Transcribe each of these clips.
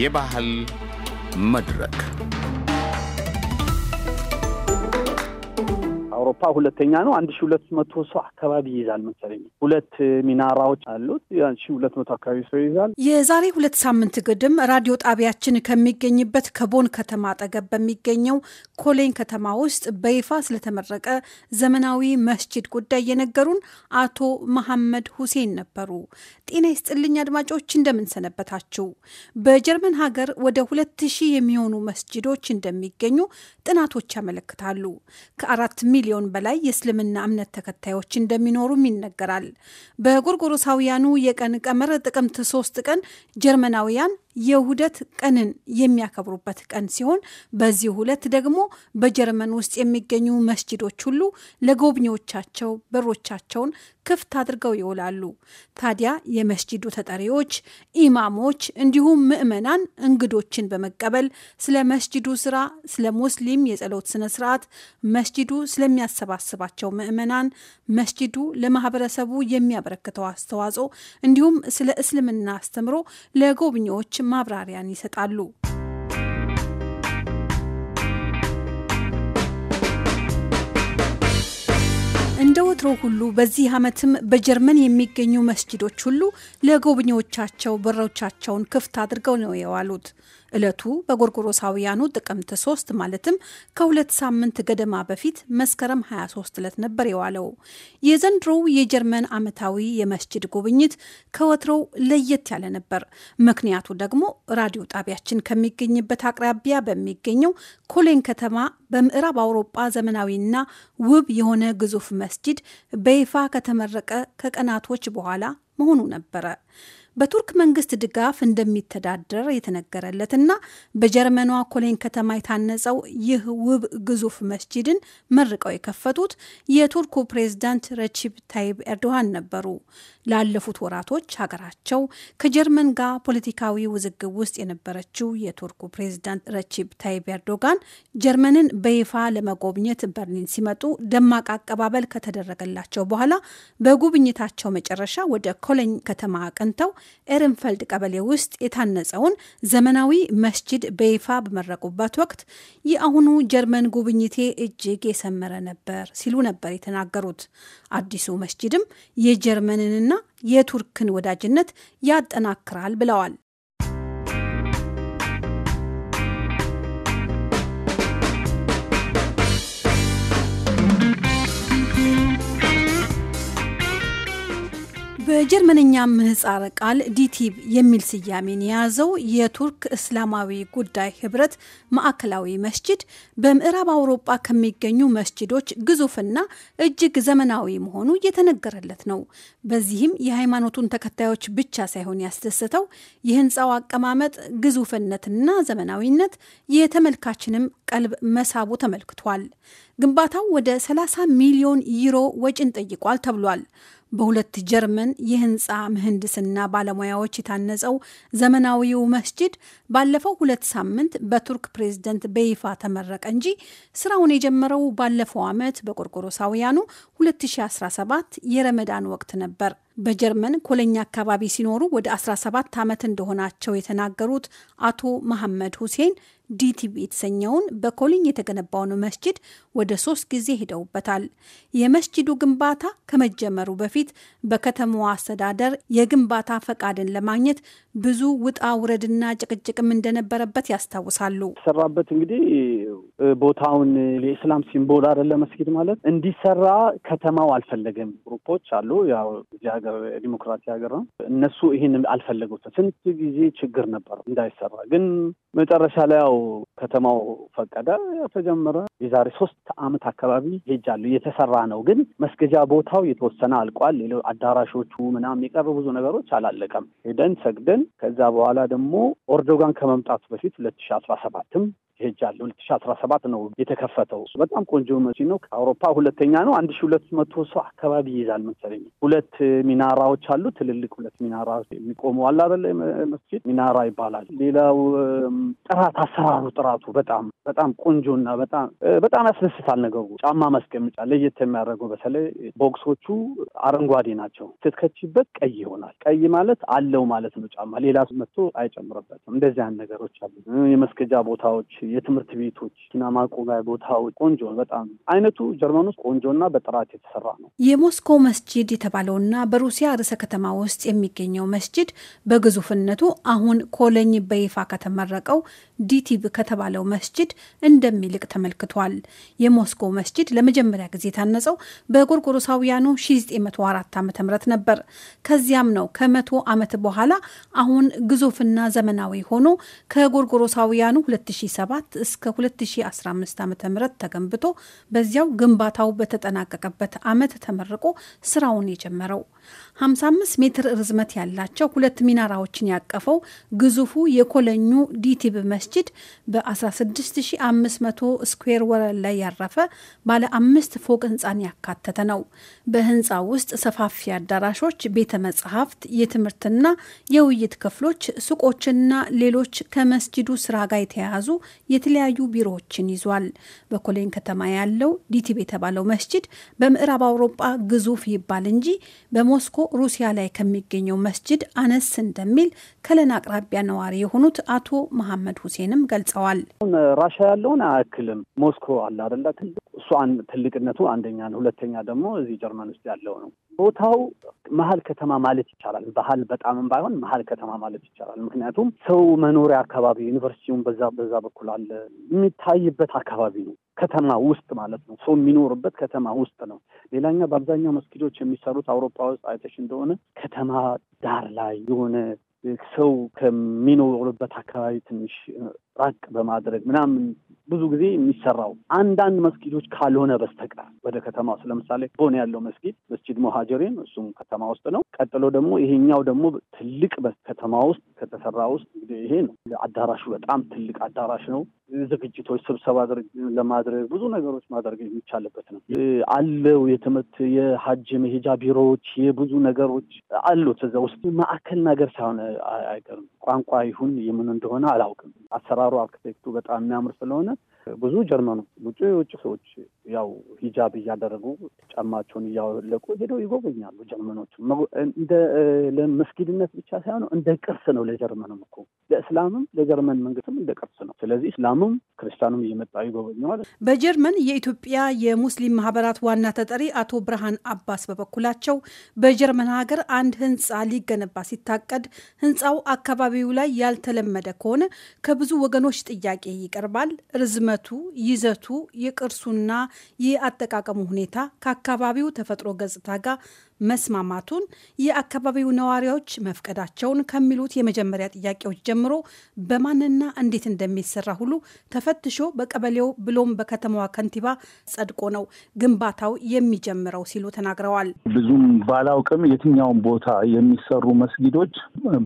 የባህል መድረክ አውሮፓ ሁለተኛ ነው። አንድ ሺ ሁለት መቶ ሰው አካባቢ ይይዛል መሰለኝ። ሁለት ሚናራዎች አሉት። አንድ ሺ ሁለት መቶ አካባቢ ሰው ይይዛል። የዛሬ ሁለት ሳምንት ግድም ራዲዮ ጣቢያችን ከሚገኝበት ከቦን ከተማ አጠገብ በሚገኘው ኮሌን ከተማ ውስጥ በይፋ ስለተመረቀ ዘመናዊ መስጂድ ጉዳይ የነገሩን አቶ መሐመድ ሁሴን ነበሩ። ጤና ይስጥልኝ አድማጮች፣ እንደምን ሰነበታችው በጀርመን ሀገር ወደ ሁለት ሺህ የሚሆኑ መስጂዶች እንደሚገኙ ጥናቶች ያመለክታሉ ከአራት ሚሊዮን ሚሊዮን በላይ የእስልምና እምነት ተከታዮች እንደሚኖሩም ይነገራል። በጎርጎሮሳውያኑ የቀን ቀመር ጥቅምት ሶስት ቀን ጀርመናውያን የውህደት ቀንን የሚያከብሩበት ቀን ሲሆን በዚህ ሁለት ደግሞ በጀርመን ውስጥ የሚገኙ መስጂዶች ሁሉ ለጎብኚዎቻቸው በሮቻቸውን ክፍት አድርገው ይውላሉ። ታዲያ የመስጂዱ ተጠሪዎች፣ ኢማሞች እንዲሁም ምዕመናን እንግዶችን በመቀበል ስለ መስጂዱ ስራ፣ ስለ ሙስሊም የጸሎት ስነ ስርዓት፣ መስጂዱ ስለሚያሰባስባቸው ምዕመናን፣ መስጂዱ ለማህበረሰቡ የሚያበረክተው አስተዋጽኦ እንዲሁም ስለ እስልምና አስተምሮ ለጎብኚዎች ማብራሪያን ይሰጣሉ። እንደ ወትሮ ሁሉ በዚህ ዓመትም በጀርመን የሚገኙ መስጂዶች ሁሉ ለጎብኚዎቻቸው በሮቻቸውን ክፍት አድርገው ነው የዋሉት። ዕለቱ በጎርጎሮሳውያኑ ጥቅምት 3 ማለትም ከሁለት ሳምንት ገደማ በፊት መስከረም 23 ዕለት ነበር የዋለው። የዘንድሮው የጀርመን ዓመታዊ የመስጅድ ጉብኝት ከወትሮው ለየት ያለ ነበር። ምክንያቱ ደግሞ ራዲዮ ጣቢያችን ከሚገኝበት አቅራቢያ በሚገኘው ኮሌን ከተማ በምዕራብ አውሮጳ ዘመናዊና ውብ የሆነ ግዙፍ መስጅድ በይፋ ከተመረቀ ከቀናቶች በኋላ መሆኑ ነበረ። በቱርክ መንግስት ድጋፍ እንደሚተዳደር የተነገረለትና በጀርመኗ ኮሌን ከተማ የታነጸው ይህ ውብ ግዙፍ መስጂድን መርቀው የከፈቱት የቱርኩ ፕሬዝዳንት ረቺብ ታይብ ኤርዶሃን ነበሩ። ላለፉት ወራቶች ሀገራቸው ከጀርመን ጋር ፖለቲካዊ ውዝግብ ውስጥ የነበረችው የቱርኩ ፕሬዝዳንት ረቺብ ታይብ ኤርዶጋን ጀርመንን በይፋ ለመጎብኘት በርሊን ሲመጡ ደማቅ አቀባበል ከተደረገላቸው በኋላ በጉብኝታቸው መጨረሻ ወደ ኮሌኝ ከተማ አቅንተው ኤርንፈልድ ቀበሌ ውስጥ የታነጸውን ዘመናዊ መስጅድ በይፋ በመረቁበት ወቅት የአሁኑ ጀርመን ጉብኝቴ እጅግ የሰመረ ነበር ሲሉ ነበር የተናገሩት። አዲሱ መስጅድም የጀርመንንና የቱርክን ወዳጅነት ያጠናክራል ብለዋል። የጀርመንኛ ምህጻረ ቃል ዲቲብ የሚል ስያሜን የያዘው የቱርክ እስላማዊ ጉዳይ ህብረት ማዕከላዊ መስጅድ በምዕራብ አውሮጳ ከሚገኙ መስጅዶች ግዙፍና እጅግ ዘመናዊ መሆኑ እየተነገረለት ነው። በዚህም የሃይማኖቱን ተከታዮች ብቻ ሳይሆን ያስደሰተው የህንፃው አቀማመጥ ግዙፍነትና ዘመናዊነት የተመልካችንም ቀልብ መሳቡ ተመልክቷል። ግንባታው ወደ 30 ሚሊዮን ዩሮ ወጪን ጠይቋል ተብሏል። በሁለት ጀርመን የህንፃ ምህንድስና ባለሙያዎች የታነጸው ዘመናዊው መስጂድ ባለፈው ሁለት ሳምንት በቱርክ ፕሬዝደንት በይፋ ተመረቀ እንጂ ስራውን የጀመረው ባለፈው ዓመት በቆርቆሮሳውያኑ 2017 የረመዳን ወቅት ነበር። በጀርመን ኮለኛ አካባቢ ሲኖሩ ወደ 17 ዓመት እንደሆናቸው የተናገሩት አቶ መሐመድ ሁሴን ዲቲቢ የተሰኘውን በኮሊኝ የተገነባውን መስጂድ ወደ ሶስት ጊዜ ሄደውበታል። የመስጅዱ ግንባታ ከመጀመሩ በፊት በከተማዋ አስተዳደር የግንባታ ፈቃድን ለማግኘት ብዙ ውጣ ውረድና ጭቅጭቅም እንደነበረበት ያስታውሳሉ። ሰራበት እንግዲህ ቦታውን የኢስላም ሲምቦል አይደለ መስጊድ ማለት እንዲሰራ ከተማው አልፈለገም። ግሩፖች አሉ። ያው እዚህ ሀገር ዲሞክራሲ ሀገር ነው። እነሱ ይህን አልፈለጉትም። ስንት ጊዜ ችግር ነበር እንዳይሰራ፣ ግን መጨረሻ ላይ ያው ከተማው ፈቀደ። ተጀመረ። የዛሬ ሶስት አመት አካባቢ ሄጃለሁ። የተሰራ ነው፣ ግን መስገጃ ቦታው የተወሰነ አልቋል። ሌሎ አዳራሾቹ ምናምን የቀሩ ብዙ ነገሮች አላለቀም። ሄደን ሰግደን ከዛ በኋላ ደግሞ ኦርዶጋን ከመምጣቱ በፊት ሁለት ሺ አስራ ሰባትም ሄጃለሁ። ሁለት ሺህ አስራ ሰባት ነው የተከፈተው። በጣም ቆንጆ መሲ ነው። አውሮፓ ሁለተኛ ነው። አንድ ሺ ሁለት መቶ ሰው አካባቢ ይይዛል መሰለኝ። ሁለት ሚናራዎች አሉ፣ ትልልቅ ሁለት ሚናራ የሚቆሙ አለ አይደለ? መስጊድ ሚናራ ይባላል። ሌላው ጥራት፣ አሰራሩ ጥራቱ በጣም በጣም ቆንጆና በጣም በጣም ያስደስታል ነገሩ። ጫማ ማስቀመጫ ለየት የሚያደርገው በተለይ ቦክሶቹ አረንጓዴ ናቸው። ስትከችበት ቀይ ይሆናል። ቀይ ማለት አለው ማለት ነው ጫማ ሌላ መጥቶ አይጨምርበትም። እንደዚህ አይነት ነገሮች አሉ። የመስገጃ ቦታዎች የትምህርት ቤቶች፣ ማቆሚያ ቦታዎች ቆንጆ በጣም አይነቱ ጀርመን ውስጥ ቆንጆና በጥራት የተሰራ ነው። የሞስኮ መስጂድ የተባለውና በሩሲያ ርዕሰ ከተማ ውስጥ የሚገኘው መስጂድ በግዙፍነቱ አሁን ኮለኝ በይፋ ከተመረቀው ዲቲብ ከተባለው መስጂድ እንደሚልቅ ተመልክቷል። የሞስኮ መስጂድ ለመጀመሪያ ጊዜ የታነጸው በጎርጎሮሳውያኑ 1904 ዓ ም ነበር። ከዚያም ነው ከመቶ ዓመት በኋላ አሁን ግዙፍና ዘመናዊ ሆኖ ከጎርጎሮሳውያኑ 2007 2007 እስከ 2015 ዓ ም ተገንብቶ በዚያው ግንባታው በተጠናቀቀበት ዓመት ተመርቆ ስራውን የጀመረው 55 ሜትር ርዝመት ያላቸው ሁለት ሚናራዎችን ያቀፈው ግዙፉ የኮለኙ ዲቲብ መስጅድ በ16500 ስኩዌር ወረል ላይ ያረፈ ባለ አምስት ፎቅ ህንፃን ያካተተ ነው። በህንፃ ውስጥ ሰፋፊ አዳራሾች፣ ቤተ መጽሐፍት፣ የትምህርትና የውይይት ክፍሎች፣ ሱቆችና ሌሎች ከመስጅዱ ስራ ጋር የተያያዙ የተለያዩ ቢሮዎችን ይዟል። በኮሌን ከተማ ያለው ዲቲብ የተባለው መስጅድ በምዕራብ አውሮጳ ግዙፍ ይባል እንጂ በሞስኮ ሩሲያ ላይ ከሚገኘው መስጅድ አነስ እንደሚል ከለን አቅራቢያ ነዋሪ የሆኑት አቶ መሐመድ ሁሴንም ገልጸዋል። ራሻ ያለውን አያክልም። ሞስኮ አለ አደላ እሱ ትልቅነቱ አንደኛ ነው። ሁለተኛ ደግሞ እዚህ ጀርመን ውስጥ ያለው ነው። ቦታው መሀል ከተማ ማለት ይቻላል። ባህል በጣምም ባይሆን መሀል ከተማ ማለት ይቻላል። ምክንያቱም ሰው መኖሪያ አካባቢ ዩኒቨርሲቲውን በዛ በዛ በኩል አለ የሚታይበት አካባቢ ነው። ከተማ ውስጥ ማለት ነው። ሰው የሚኖርበት ከተማ ውስጥ ነው። ሌላኛ በአብዛኛው መስጊዶች የሚሰሩት አውሮፓ ውስጥ አይተሽ እንደሆነ ከተማ ዳር ላይ የሆነ ሰው ከሚኖርበት አካባቢ ትንሽ ራቅ በማድረግ ምናምን ብዙ ጊዜ የሚሰራው አንዳንድ መስጊዶች ካልሆነ በስተቀር ወደ ከተማ ውስጥ ለምሳሌ ቦን ያለው መስጊድ መስጂድ መሃጀሬን እሱም ከተማ ውስጥ ነው። ቀጥሎ ደግሞ ይሄኛው ደግሞ ትልቅ ከተማ ውስጥ ከተሰራ ውስጥ ይሄ ነው። አዳራሹ በጣም ትልቅ አዳራሽ ነው። ዝግጅቶች፣ ስብሰባ ለማድረግ ብዙ ነገሮች ማድረግ የሚቻልበት ነው አለው። የትምህርት የሀጅ መሄጃ ቢሮዎች የብዙ ነገሮች አሉት እዛ ውስጥ ማዕከል ነገር ሳይሆን አይቀርም። ቋንቋ ይሁን የምን እንደሆነ አላውቅም። አሰራሩ አርክቴክቱ በጣም የሚያምር ስለሆነ ብዙ ጀርመኑ ውጭ የውጭ ሰዎች ያው ሂጃብ እያደረጉ ጫማቸውን እያወለቁ ሄደው ይጎበኛሉ። ጀርመኖች እንደ ለመስጊድነት ብቻ ሳይሆን እንደ ቅርስ ነው። ለጀርመንም እኮ ለእስላምም ለጀርመን መንግስትም እንደ ቅርስ ነው። ስለዚህ እስላምም ክርስቲያኑም እየመጣ ይጎበኘዋል። በጀርመን የኢትዮጵያ የሙስሊም ማህበራት ዋና ተጠሪ አቶ ብርሃን አባስ በበኩላቸው በጀርመን ሀገር አንድ ህንፃ ሊገነባ ሲታቀድ ህንፃው አካባቢው ላይ ያልተለመደ ከሆነ ከብዙ ወገኖች ጥያቄ ይቀርባል ርዝመ ውበቱ፣ ይዘቱ፣ የቅርሱና የአጠቃቀሙ ሁኔታ ከአካባቢው ተፈጥሮ ገጽታ ጋር መስማማቱን የአካባቢው ነዋሪዎች መፍቀዳቸውን ከሚሉት የመጀመሪያ ጥያቄዎች ጀምሮ በማንና እንዴት እንደሚሰራ ሁሉ ተፈትሾ በቀበሌው ብሎም በከተማዋ ከንቲባ ጸድቆ ነው ግንባታው የሚጀምረው ሲሉ ተናግረዋል። ብዙም ባላውቅም የትኛውን ቦታ የሚሰሩ መስጊዶች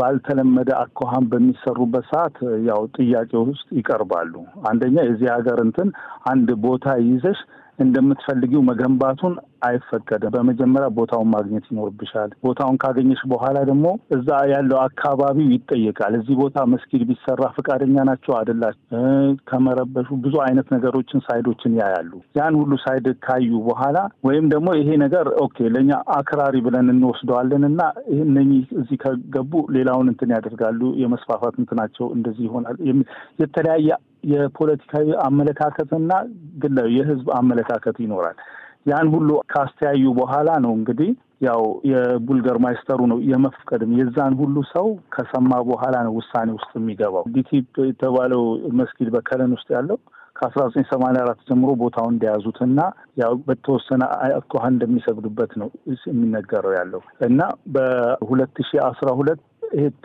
ባልተለመደ አኳኋን በሚሰሩበት ሰዓት ያው ጥያቄ ውስጥ ይቀርባሉ። አንደኛ የዚህ ሀገር እንትን አንድ ቦታ ይዘሽ እንደምትፈልጊው መገንባቱን አይፈቀድም። በመጀመሪያ ቦታውን ማግኘት ይኖርብሻል። ቦታውን ካገኘሽ በኋላ ደግሞ እዛ ያለው አካባቢው ይጠየቃል። እዚህ ቦታ መስጊድ ቢሰራ ፈቃደኛ ናቸው አደላች? ከመረበሹ ብዙ አይነት ነገሮችን ሳይዶችን ያያሉ። ያን ሁሉ ሳይድ ካዩ በኋላ ወይም ደግሞ ይሄ ነገር ኦኬ ለእኛ አክራሪ ብለን እንወስደዋለን እና እነኚህ እዚህ ከገቡ ሌላውን እንትን ያደርጋሉ፣ የመስፋፋት እንትናቸው እንደዚህ ይሆናል። የተለያየ የፖለቲካዊ አመለካከትና ግላዊ የህዝብ አመለካከት ይኖራል። ያን ሁሉ ካስተያዩ በኋላ ነው እንግዲህ ያው የቡልገር ማይስተሩ ነው የመፍቀድም የዛን ሁሉ ሰው ከሰማ በኋላ ነው ውሳኔ ውስጥ የሚገባው። ዲቲፕ የተባለው መስጊድ በከለን ውስጥ ያለው ከአስራ ዘጠኝ ሰማንያ አራት ጀምሮ ቦታውን እንደያዙት እና ያው በተወሰነ አኳኋን እንደሚሰግዱበት ነው የሚነገረው ያለው እና በሁለት ሺ አስራ ሁለት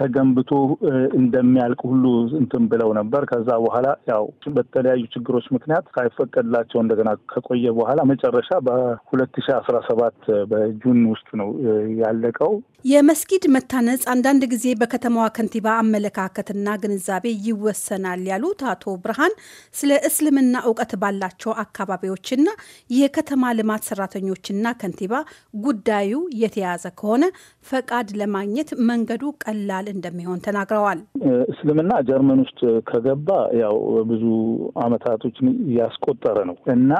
ተገንብቶ እንደሚያልቅ ሁሉ እንትን ብለው ነበር። ከዛ በኋላ ያው በተለያዩ ችግሮች ምክንያት ሳይፈቀድላቸው እንደገና ከቆየ በኋላ መጨረሻ በሁለት ሺ አስራ ሰባት በጁን ውስጥ ነው ያለቀው። የመስጊድ መታነጽ አንዳንድ ጊዜ በከተማዋ ከንቲባ አመለካከትና ግንዛቤ ይወሰናል ያሉት አቶ ብርሃን ስለ እስልምና እውቀት ባላቸው አካባቢዎችና የከተማ ልማት ሰራተኞችና ከንቲባ ጉዳዩ የተያዘ ከሆነ ፈቃድ ለማግኘት መንገዱ ቀ ቀላል እንደሚሆን ተናግረዋል። እስልምና ጀርመን ውስጥ ከገባ ያው ብዙ አመታቶችን እያስቆጠረ ነው እና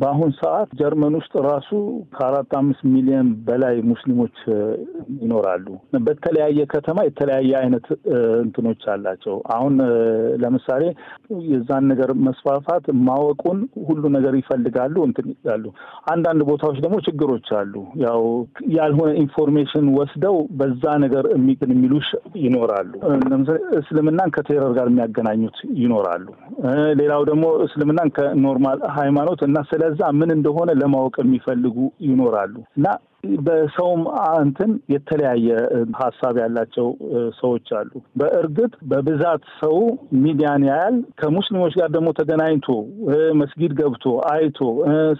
በአሁን ሰዓት ጀርመን ውስጥ ራሱ ከአራት አምስት ሚሊዮን በላይ ሙስሊሞች ይኖራሉ። በተለያየ ከተማ የተለያየ አይነት እንትኖች አላቸው። አሁን ለምሳሌ የዛን ነገር መስፋፋት ማወቁን ሁሉ ነገር ይፈልጋሉ እንትን ይላሉ። አንዳንድ ቦታዎች ደግሞ ችግሮች አሉ። ያው ያልሆነ ኢንፎርሜሽን ወስደው በዛ ነገር የሚቅን የሚሉሽ ይኖራሉ። ለምሳሌ እስልምናን ከቴረር ጋር የሚያገናኙት ይኖራሉ። ሌላው ደግሞ እስልምናን ከኖርማል ሃይማኖት እና ስለዛ ምን እንደሆነ ለማወቅ የሚፈልጉ ይኖራሉ እና በሰውም እንትን የተለያየ ሀሳብ ያላቸው ሰዎች አሉ። በእርግጥ በብዛት ሰው ሚዲያን ያያል። ከሙስሊሞች ጋር ደግሞ ተገናኝቶ መስጊድ ገብቶ አይቶ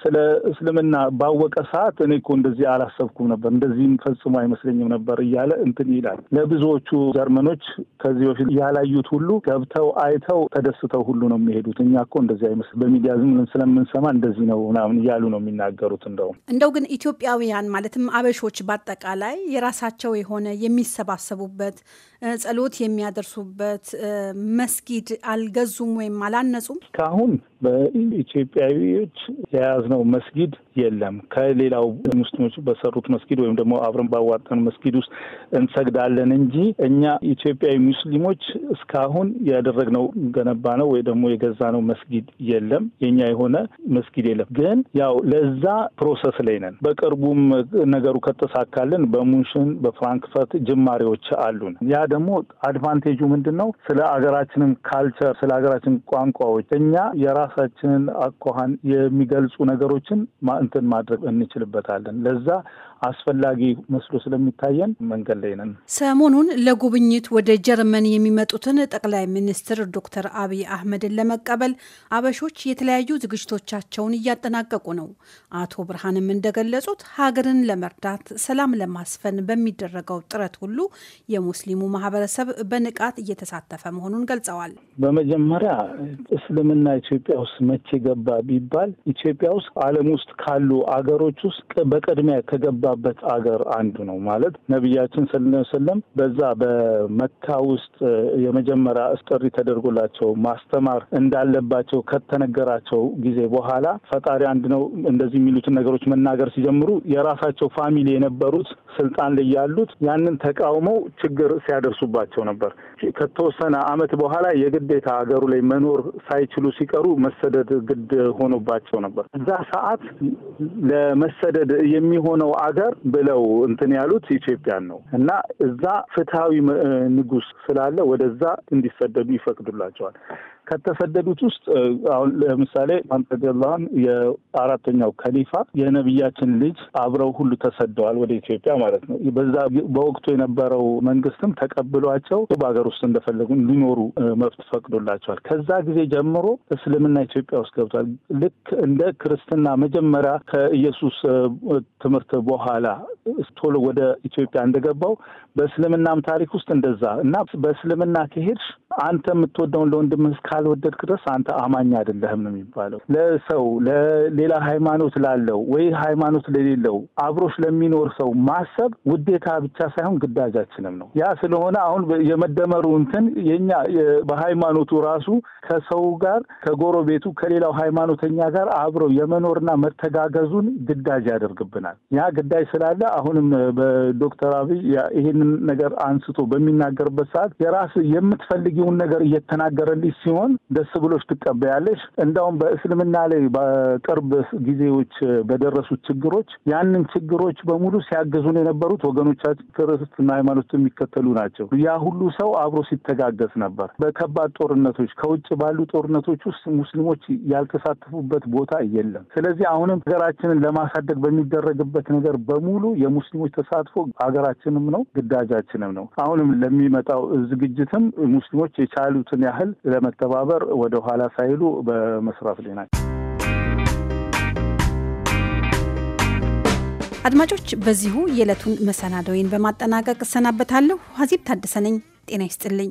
ስለ እስልምና ባወቀ ሰዓት እኔ እኮ እንደዚህ አላሰብኩም ነበር፣ እንደዚህም ፈጽሞ አይመስለኝም ነበር እያለ እንትን ይላል። ለብዙዎቹ ጀርመኖች ከዚህ በፊት ያላዩት ሁሉ ገብተው አይተው ተደስተው ሁሉ ነው የሚሄዱት። እኛ እኮ እንደዚህ አይመስል በሚዲያ ዝም ስለምንሰማ እንደዚህ ነው ምናምን እያሉ ነው የሚናገሩት። እንደውም እንደው ግን ኢትዮጵያውያን ማለት ማለትም አበሾች በአጠቃላይ የራሳቸው የሆነ የሚሰባሰቡበት ጸሎት የሚያደርሱበት መስጊድ አልገዙም ወይም አላነጹም። እስካሁን በኢትዮጵያዊዎች የያዝነው መስጊድ የለም። ከሌላው ሙስሊሞች በሰሩት መስጊድ ወይም ደግሞ አብረን ባዋጠን መስጊድ ውስጥ እንሰግዳለን እንጂ እኛ ኢትዮጵያዊ ሙስሊሞች እስካሁን ያደረግነው ገነባ ነው ወይ ደግሞ ነው መስጊድ የለም። የኛ የሆነ መስጊድ የለም። ግን ያው ለዛ ፕሮሰስ ላይ ነን። በቅርቡም ነገሩ ከተሳካልን በሙንሽን በፍራንክፈርት ጅማሬዎች አሉን። ያ ደግሞ አድቫንቴጁ ምንድን ነው? ስለ አገራችንም ካልቸር፣ ስለ አገራችን ቋንቋዎች እኛ የራሳችንን አኳኋን የሚገልጹ ነገሮችን እንትን ማድረግ እንችልበታለን። ለዛ አስፈላጊ መስሎ ስለሚታየን መንገድ ላይ ነን። ሰሞኑን ለጉብኝት ወደ ጀርመን የሚመጡትን ጠቅላይ ሚኒስትር ዶክተር አብይ አህመድን ለመቀበል አበሾች የተለያዩ ዝግጅቶቻቸውን እያጠናቀቁ ነው። አቶ ብርሃንም እንደገለጹት ሀገርን ለመርዳት ሰላም ለማስፈን በሚደረገው ጥረት ሁሉ የሙስሊሙ ማህበረሰብ በንቃት እየተሳተፈ መሆኑን ገልጸዋል። በመጀመሪያ እስልምና ኢትዮጵያ ውስጥ መቼ ገባ ቢባል ኢትዮጵያ ውስጥ ዓለም ውስጥ ካሉ አገሮች ውስጥ በቅድሚያ ከገባ ከበዛበት አገር አንዱ ነው ማለት ነቢያችን ስለም በዛ በመካ ውስጥ የመጀመሪያ እስጥሪ ተደርጎላቸው ማስተማር እንዳለባቸው ከተነገራቸው ጊዜ በኋላ ፈጣሪ አንድ ነው እንደዚህ የሚሉትን ነገሮች መናገር ሲጀምሩ የራሳቸው ፋሚሊ የነበሩት ስልጣን ላይ ያሉት ያንን ተቃውመው ችግር ሲያደርሱባቸው ነበር። ከተወሰነ አመት በኋላ የግዴታ ሀገሩ ላይ መኖር ሳይችሉ ሲቀሩ መሰደድ ግድ ሆኖባቸው ነበር። እዛ ሰዓት ለመሰደድ የሚሆነው አገር ሀገር ብለው እንትን ያሉት ኢትዮጵያን ነው እና እዛ ፍትሐዊ ንጉስ ስላለ ወደዛ እንዲሰደዱ ይፈቅዱላቸዋል። ከተሰደዱት ውስጥ አሁን ለምሳሌ ማንጠገላን የአራተኛው ከሊፋ የነቢያችን ልጅ አብረው ሁሉ ተሰደዋል ወደ ኢትዮጵያ ማለት ነው። በዛ በወቅቱ የነበረው መንግስትም ተቀብሏቸው በሀገር ውስጥ እንደፈለጉ እንዲኖሩ መብት ፈቅዶላቸዋል። ከዛ ጊዜ ጀምሮ እስልምና ኢትዮጵያ ውስጥ ገብቷል። ልክ እንደ ክርስትና መጀመሪያ ከኢየሱስ ትምህርት በኋላ ቶሎ ወደ ኢትዮጵያ እንደገባው በእስልምናም ታሪክ ውስጥ እንደዛ እና በእስልምና ከሄድሽ አንተ የምትወደውን ለወንድምህ እስካልወደድክ ድረስ አንተ አማኝ አይደለህም ነው የሚባለው። ለሰው ለሌላ ሃይማኖት ላለው ወይ ሃይማኖት ለሌለው አብሮች ለሚኖር ሰው ማሰብ ውዴታ ብቻ ሳይሆን ግዳጃችንም ነው። ያ ስለሆነ አሁን የመደመሩ እንትን የኛ በሃይማኖቱ ራሱ ከሰው ጋር ከጎረቤቱ ከሌላው ሃይማኖተኛ ጋር አብረው የመኖርና መተጋገዙን ግዳጅ ያደርግብናል። ያ ግዳጅ ስላለ አሁንም በዶክተር አብይ ይህንን ነገር አንስቶ በሚናገርበት ሰዓት የራስ የምትፈልጊውን ነገር እየተናገረልሽ ሲሆን ሳይሆን ደስ ብሎች ትቀበያለች እንዳውም በእስልምና ላይ በቅርብ ጊዜዎች በደረሱት ችግሮች ያንን ችግሮች በሙሉ ሲያገዙን የነበሩት ወገኖቻችን ክርስትና ሃይማኖት የሚከተሉ ናቸው። ያ ሁሉ ሰው አብሮ ሲተጋገዝ ነበር። በከባድ ጦርነቶች ከውጭ ባሉ ጦርነቶች ውስጥ ሙስሊሞች ያልተሳተፉበት ቦታ የለም። ስለዚህ አሁንም ሀገራችንን ለማሳደግ በሚደረግበት ነገር በሙሉ የሙስሊሞች ተሳትፎ ሀገራችንም ነው ግዳጃችንም ነው። አሁንም ለሚመጣው ዝግጅትም ሙስሊሞች የቻሉትን ያህል ለመጠ በመተባበር ኋላ ሳይሉ በመስራት ላይ ናቸው። አድማጮች፣ በዚሁ የዕለቱን መሰናዶዬን በማጠናቀቅ እሰናበታለሁ። ሀዚብ ታደሰ ነኝ። ጤና ይስጥልኝ።